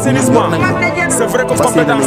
assainissement c'est vrai qu'on compétence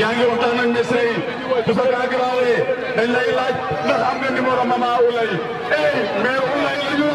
yaa ngi waxtaan ak ministre yi sa gaa garaawee dañ lay laaj ndax am nga numéro mama Ulay ey eh, mais Ulay ñu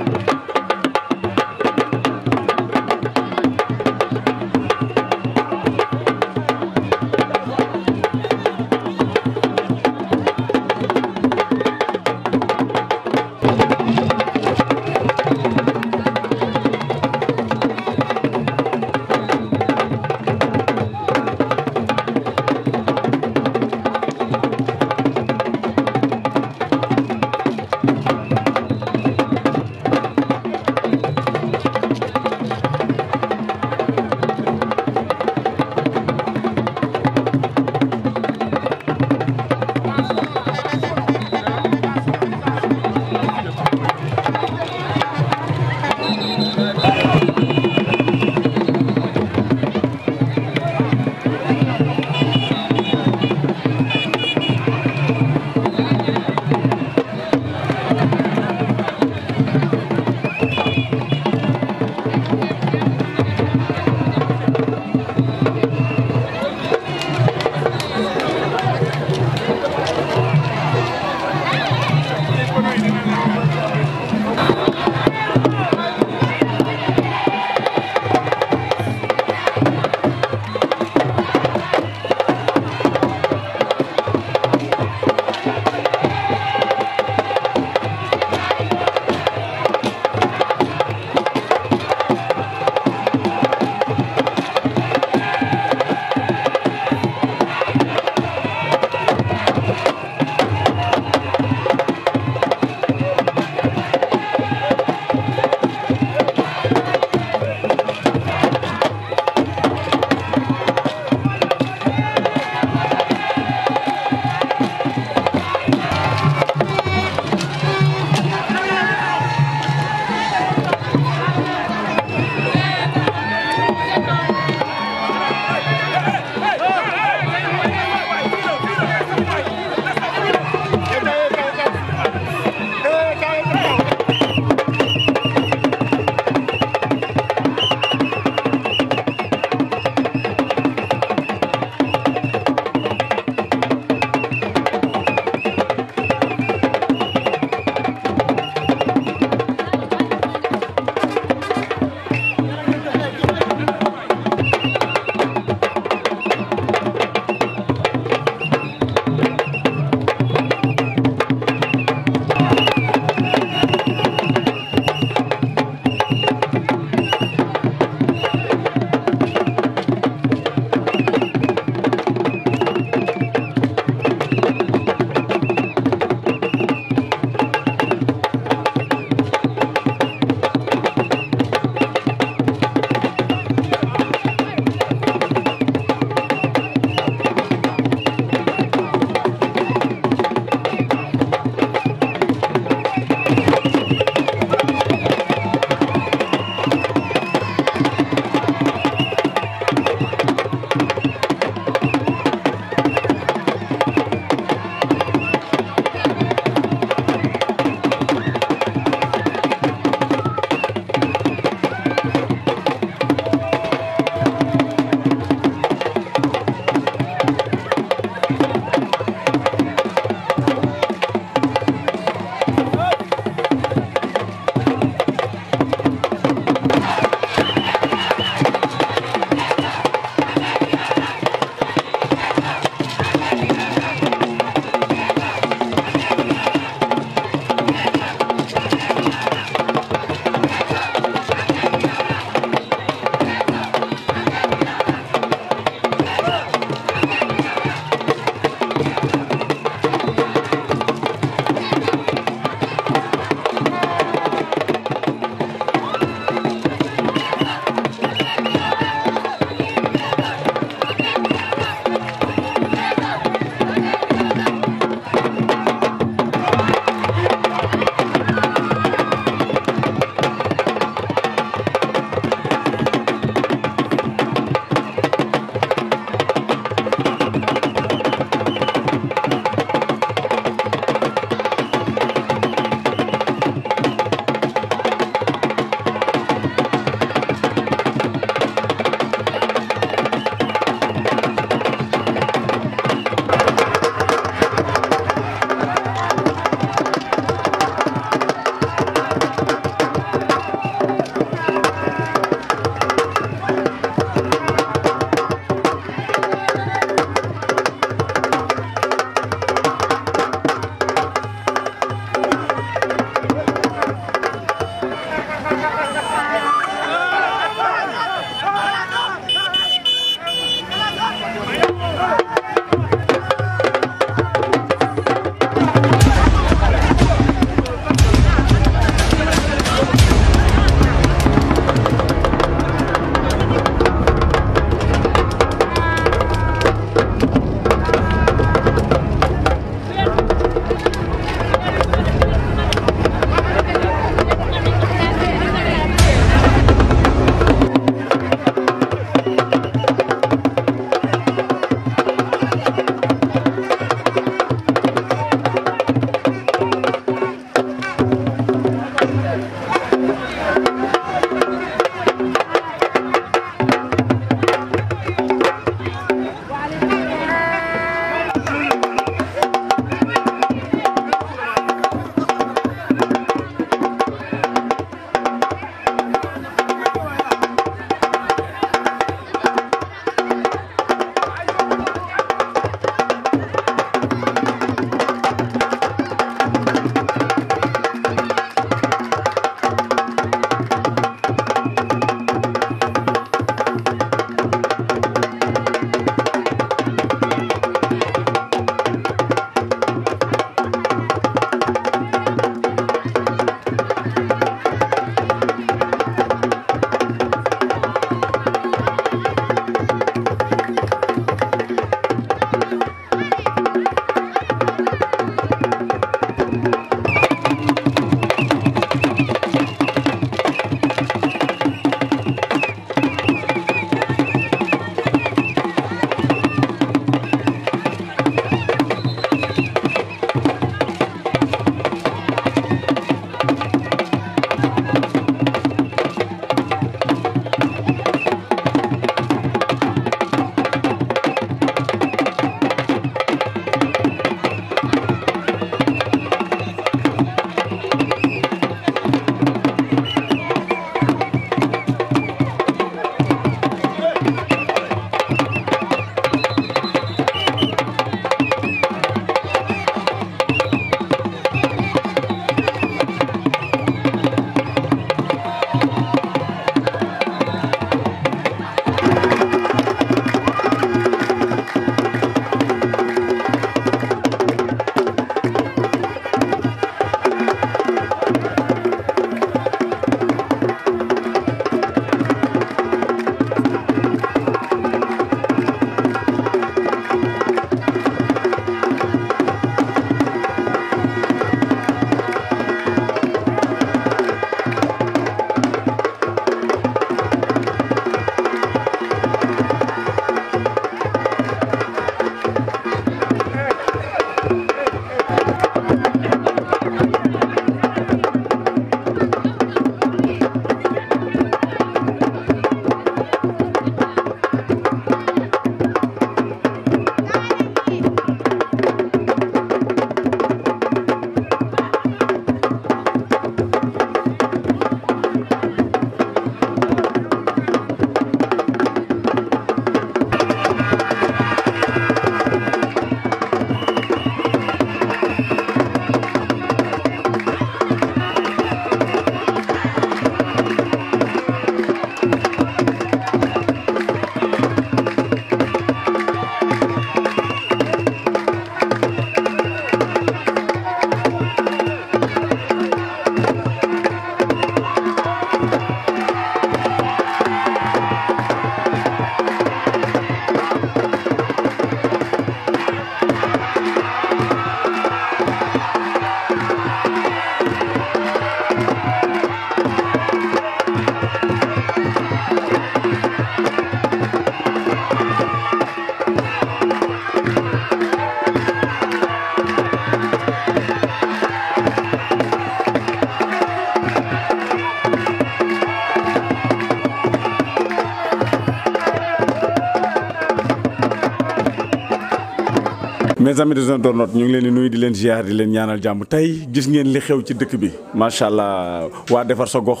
mes amis des internautes ñu ngi leen di nuyu di leen ziar di leen ñaanal jàmm tey gis ngeen li xew ci dëkk bi macha allah waa defar sa gox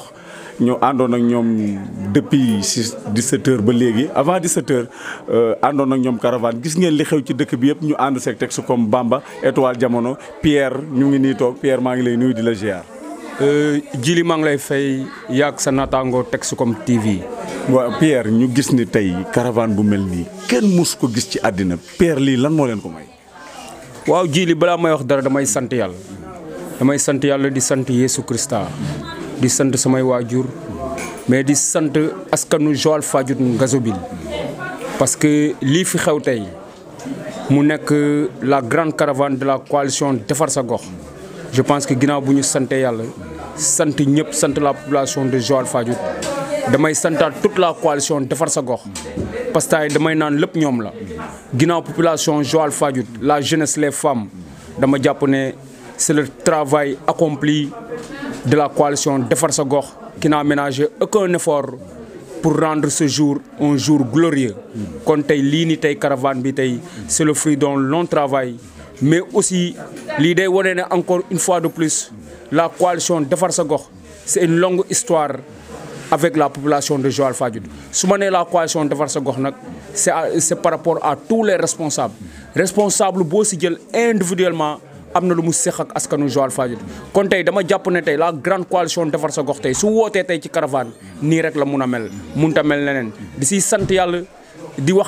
ñu àndoon ak ñoom depuis di heures ba léegi avant di heures euh, àndoon ak ñoom caravane gis ngeen li xew ci dëkk bi yëpp ñu ànd seeg teg su comme Bamba étoile jamono Pierre ñu ngi nii toog Pierre maa ngi lay nuyu di la ziar. Euh, jili maa ngi lay fay yàgg sa naataangoo Texcom TV. waaw Pierre ñu gis ni tey caravane bu mel nii kenn mus ko gis ci àddina Pierre lii lan moo leen ko may. waaw jili bala may wax dara damay sant yàlla damay sant yàlla di sant yesu christa di sant samay waajur mais di sant askanu Joal Fadiouth Ngazobil parce que lii fi xew tey mu nekk la grande caravane de la coalition defar sa gox je pense que ginnaaw bu ñu sante yàlla sant ñëpp sant la population de Joal Fadiouth damay toute la coalition de sa parce que damay le la population Joal Fadiouth la jeunesse les femmes c'est le travail accompli de la coalition de sa qui n'a aménagé aucun effort pour rendre ce jour un jour glorieux caravane c'est le fruit d'un long travail mais aussi l'idée est encore une fois de plus la coalition de sa c'est une longue histoire avec la population de Joal Fadiouth Si ma la coalition de sa c'est par rapport à tous les responsables Responsables si individuellement amna na lu mu ak askanu Joal Fadjid. kon tay dama jàpp ne la grande coalition de sa gox tay su wote tay ci caravane ni rek la muna mel munta mel d'ici di ci sante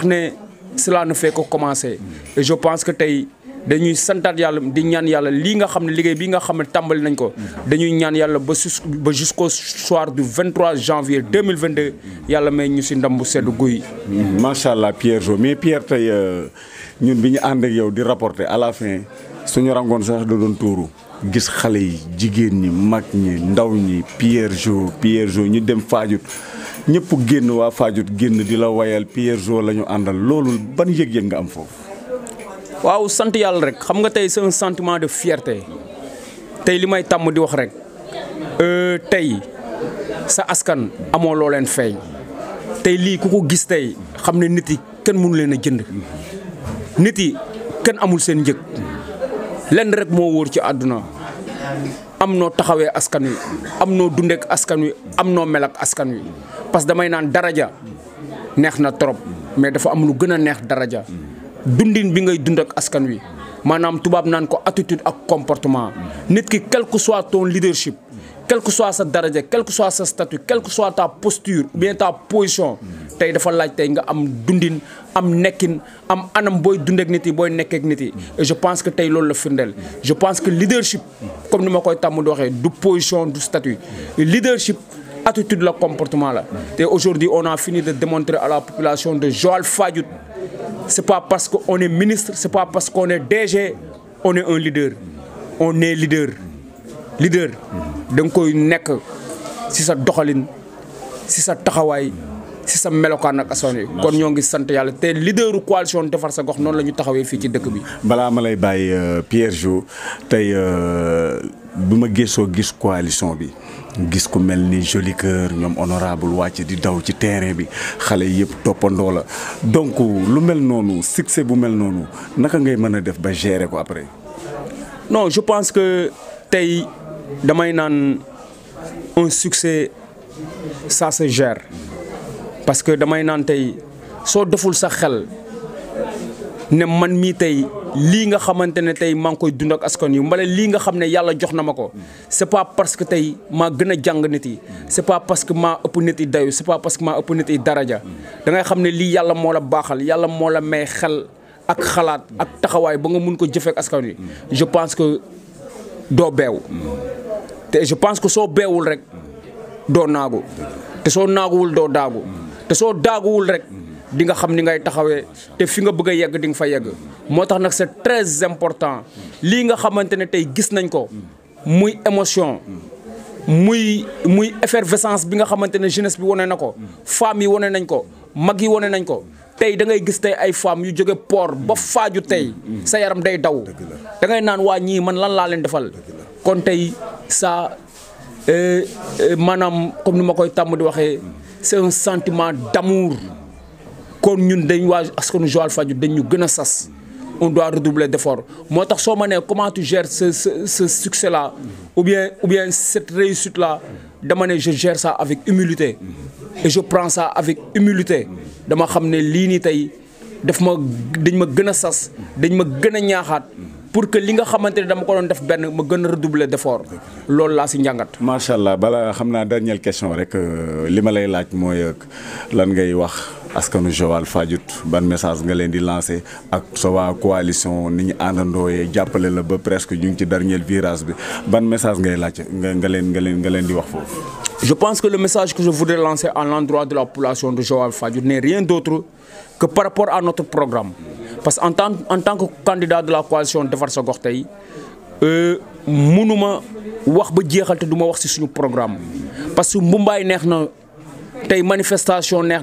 ne cela ne fait que commencer et je pense que tay dañuy santat yalla di ñaan yalla li nga xamne liggey bi nga xamne ne nañ ko dañuy ñaan yalla ba ba jusqu'au soir du 23 janvier 2022 yalla may ñu ci ndam bu sedd Pierre Jo mais Pierre tay, euh, ñun biñu and ak yow di rapporter à la fin suñu rangon sax da doon touru gis xalé yi jigéen ñi mag ñi ndaw ñi Pierre Jo Pierre Jo ñu dem Fajut ñepp genn wa Fajut genn di la wayal Pierre Jo lañu andal loolu ban yëg nga am fofu waaw sant yàlla rek xam nga tey c'est un de fierté tey li may tàmm di wax rek euh, tey sa askan amoo loo leen fay tey lii ku ko gis tey xam ne nit yi kenn mënu leen a jënd nit yi kenn amul seen njëg lenn rek moo wóor ci àdduna am noo taxawee askan wi am noo dundeek askan wi am noo mel askan wi parce que damay naan daraja neex na trop mais dafa am lu gën a neex daraja dundin bi ngay dund ak askan wi manam tubab nan ko attitude ak comportement nit ki quel que soit ton leadership quel que soit sa daraja quel que soit sa statut quel que soit ta posture ou bien ta position tay dafa laaj tay nga am dundin am nekkin am anam booy dundeek nit boy booy nekkeek nit yi je pense que tay lolou la findel je pense que leadership comme ni koy tàmm di du position du statut leadership attitude la comportement là. Et aujourd'hui on a fini de démontrer à la population de Joël Joal ce n'est pas parce qu'on est ministre ce n'est pas parce qu'on est DG on est un leader on est leader leader Donc on koy si ci sa si ça sa si ça sa melokaan ak asoon kon ñoo ngi sant yàlla te leaderu coalition defar sa gox de la ñu taxawee ci dëkk bi. ma lay euh, Pierre Jo tey euh, bu ma gis coalition bi gis ku mel ni joli cœur ñom honorable wàcc di daw ci terrain bi xalé yëpp topando la donc lu mel nonu succès bu mel nonu naka ngay mën def ba gérer ko après. non je pense que tay damay naan un succès ça se gère parce que damay naan tay so deful sa xel ne man mi tay lii nga xamante ne tey maa koy dund ak askan yu mbala lii nga xam ne yàlla jox na ma ko c'est pas parce que tey maa gën a jàng nit yi c'est pas parce que maa ëpp nit yi dayu c'est pas parce que maa ëpp nit yi daraja da xam ne lii yàlla moo la baaxal yàlla moo la may xel ak xalaat ak taxawaay ba nga mun ko jëfe ak askan wi je pense que doo beew te je pense que soo beewul rek doo naagu te soo naaguwul doo daagu te soo daaguwul rek di nga xam ni ngay taxawee te fi nga bëgg a yegg di nga fa yegg moo tax nag c'est très important lii nga xamante ne tey gis nañ ko muy émotion muy muy effervescence bi nga xamante ne jeunesse bi wane na ko femmes yi wane nañ ko mag yi wane nañ ko tey da ngay gis tey ay femmes yu jóge port ba faaju tey sa yaram day daw dangay ngay naan waa ñii man lan laa leen defal kon tey ça euh, euh, maanaam comme ni ma koy tàmm di waxee c'est un sentiment d'amour kon ñun dañ waa askanu Joal Fadiouth dañ ñu gën a sas on doit redoubler d'efforts moo tax soo ma comment tu gères ce ce succès là ou bien ou bien cette réussite là dama ne je gère ça avec humilité et je prends ça avec humilité dama xam ne lii nii tey ma dañ ma gën a sas dañ ma gën a ñaaxaat pour que li nga xamante ne dama ko doon def benn ma gën redoubler d'efforts loolu la si njàngat. macha allah balaa dernière question rek euh, li ma lay laaj mooy euh, lan ngay wax askanu Joal Fadiouth ban message nga len di lancer ak sowa coalition ni ñu àndandooyee jàppale la ba presque ñu ci dernier virage bi ban message ngay lacc nga len nga len nga len di wax fofu Je pense que le message que je voudrais lancer à l'endroit de la population de Joal Fadiouth n'est rien d'autre que par rapport à notre programme parce qu'en en tant en tant que candidat de la coalition de Sa Gox tey euh, mënuma wax ba jeexal te du ma wax ci suñu programme parce que Mumbai neex na manifestation neex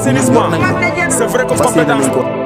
assainissement c'est vrai que compétence